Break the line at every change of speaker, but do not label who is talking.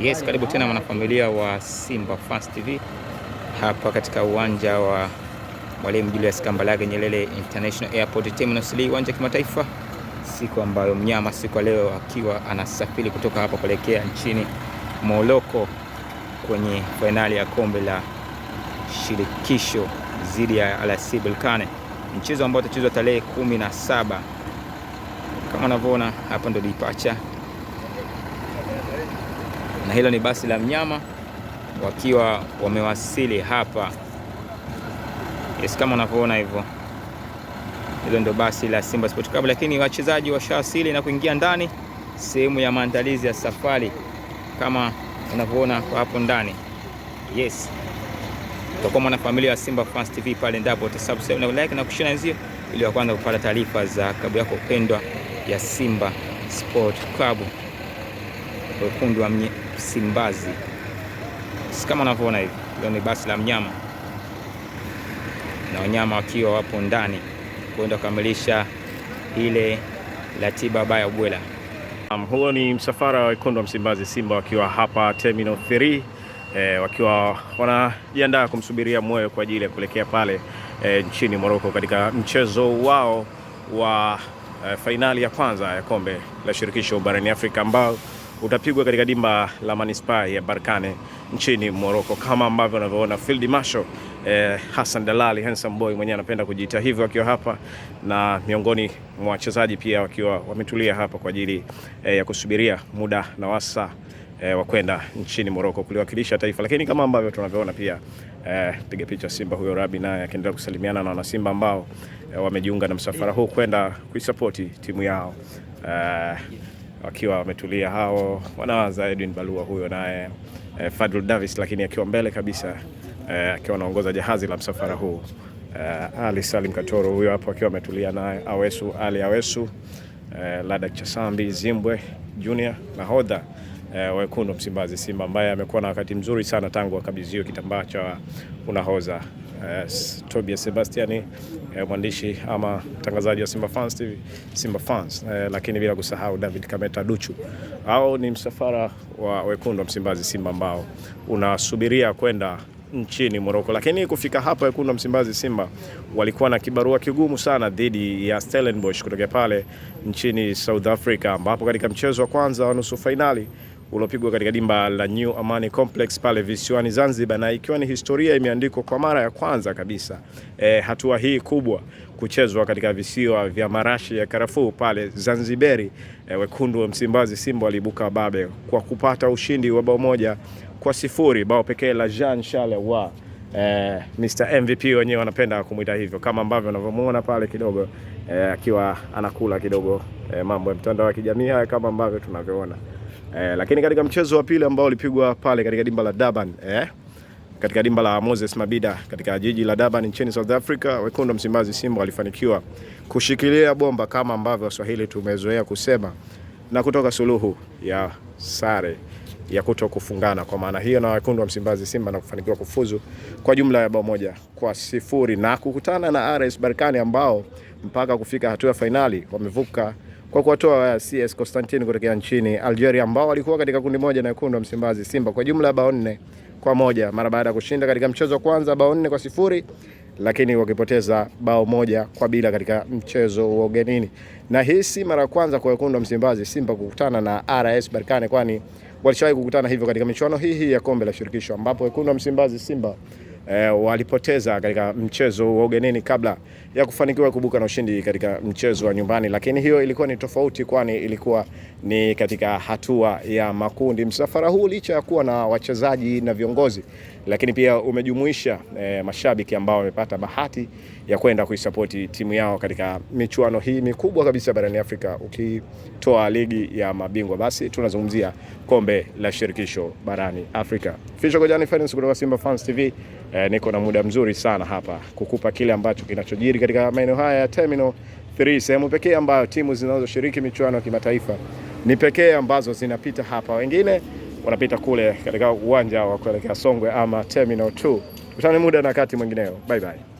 Yes, karibu tena mwanafamilia wa Simba Fans TV hapa katika uwanja wa Mwalimu Julius Kambarage Nyerere International Airport Terminal 3 uwanja wa kimataifa, siku ambayo mnyama siku leo akiwa anasafiri kutoka hapa kuelekea nchini Morocco kwenye fainali ya kombe la shirikisho dhidi ya RS Berkane, mchezo ambao utachezwa tarehe 17 kama unavyoona hapa ndo departure na hilo ni basi la mnyama wakiwa wamewasili hapa. Yes, kama unavyoona hivyo, hilo ndio basi la Simba Sport Club, lakini wachezaji washawasili na kuingia ndani sehemu ya maandalizi ya safari kama unavyoona kwa hapo ndani. Yes, utakuwa mwanafamilia wa Simba Fans TV pale ndapo utasubscribe na like na kushare nzio, ili wa kwanza kupata taarifa za klabu yako pendwa ya Simba Sport Club wekundu wa Msimbazi. Kama unavyoona hivi, hilo ni basi la mnyama na wanyama wakiwa wapo ndani kwenda kukamilisha ile ratiba baya ubwela.
Um, huo ni msafara wa wekundu wa Msimbazi Simba wakiwa hapa terminal 3 eh, wakiwa wanajiandaa kumsubiria moyo kwa ajili ya kuelekea pale eh, nchini Morocco katika mchezo wao wa eh, fainali ya kwanza ya kombe la shirikisho barani Afrika ambao utapigwa katika dimba la manispaa ya Barkane nchini Morocco, kama ambavyo unavyoona Field Marshal eh, Hassan Dalali handsome boy mwenyewe anapenda kujiita hivyo akiwa hapa, na miongoni mwa wachezaji pia wakiwa wametulia hapa kwa ajili eh, ya kusubiria muda na wasa eh, wa kwenda nchini Morocco kuliwakilisha taifa. Lakini kama ambavyo tunavyoona pia eh, piga picha Simba huyo Rabi naye akiendelea kusalimiana na wana Simba ambao eh, wamejiunga na msafara huu kwenda kuisapoti timu yao eh, wakiwa wametulia hao wanawaza Edwin balua huyo naye eh, Fadul Davis, lakini akiwa mbele kabisa eh, akiwa anaongoza jahazi la msafara huu eh, Ali Salim Katoro huyo hapo akiwa ametulia naye Awesu Ali Awesu eh, Lada Chasambi Zimbwe Junior nahodha eh, wekundu Msimbazi Simba ambaye amekuwa na wakati mzuri sana tangu akabidhiwe kitambaa cha unahoza eh, Tobias Sebastiani eh, mwandishi ama mtangazaji wa Simba Fans TV, Simba Fans eh, lakini bila kusahau David Kameta Duchu. Au ni msafara wa wekundu wa Msimbazi Simba ambao unasubiria kwenda nchini Morocco, lakini kufika hapa wekundu wa Msimbazi Simba walikuwa na kibarua kigumu sana dhidi ya Stellenbosch kutoka pale nchini South Africa, ambapo katika mchezo wa kwanza wa nusu fainali uliopigwa katika dimba la New Amani Complex pale visiwani Zanzibar, na ikiwa ni historia imeandikwa kwa mara ya kwanza kabisa e, hatua hii kubwa kuchezwa katika visiwa vya marashi ya karafuu pale Zanzibari. E, eh, wekundu wa Msimbazi Simba waliibuka babe kwa kupata ushindi wa bao moja kwa sifuri, bao pekee la Jean Charles wa Eh, Mr MVP wenyewe wanapenda kumwita hivyo kama ambavyo unavyomuona pale kidogo eh, akiwa eh, anakula kidogo eh, mambo ya mtandao wa kijamii haya kama ambavyo tunavyoona eh, lakini katika mchezo wa pili ambao ulipigwa pale katika dimba la Durban eh, katika dimba la Moses Mabida katika jiji la Durban nchini South Africa, wekundu Msimbazi Simba walifanikiwa kushikilia bomba kama ambavyo Waswahili tumezoea kusema na kutoka suluhu ya sare ya kuto kufungana kwa maana hiyo, na wekundu wa Msimbazi Simba na kufanikiwa kufuzu kwa jumla ya bao moja kwa sifuri na kukutana na RS Berkane ambao mpaka kufika hatua ya fainali wamevuka kwa kuwatoa CS Constantine kutokea nchini Algeria ambao walikuwa katika kundi moja na wekundu wa Msimbazi Simba kwa jumla bao nne kwa moja mara baada ya kushinda katika mchezo wa kwanza bao nne kwa sifuri lakini wakipoteza bao moja kwa bila katika mchezo wa ugenini. Na hii si mara ya kwanza kwa wekundu wa Msimbazi Simba kukutana na RS Berkane, kwani walishawahi kukutana hivyo katika michuano hii hii ya kombe la shirikisho ambapo wekundu wa Msimbazi Simba e, walipoteza katika mchezo wa ugenini kabla ya kufanikiwa kubuka na ushindi katika mchezo wa nyumbani, lakini hiyo ilikuwa ni tofauti, kwani ilikuwa ni katika hatua ya makundi. Msafara huu licha ya kuwa na wachezaji na viongozi lakini pia umejumuisha e, mashabiki ambao wamepata bahati ya kwenda kuisapoti timu yao katika michuano hii mikubwa kabisa barani Afrika. Ukitoa ligi ya mabingwa, basi tunazungumzia kombe la shirikisho barani Afrika. Fisho Gojani Finance kutoka Simba Fans TV. E, eh, niko na muda mzuri sana hapa kukupa kile ambacho kinachojiri katika maeneo haya ya Terminal 3, sehemu pekee ambayo timu zinazoshiriki michuano ya kimataifa ni pekee ambazo zinapita hapa, wengine wanapita kule katika uwanja wa kuelekea Songwe ama Terminal 2. tukutane muda na wakati mwingineo. Bye bye.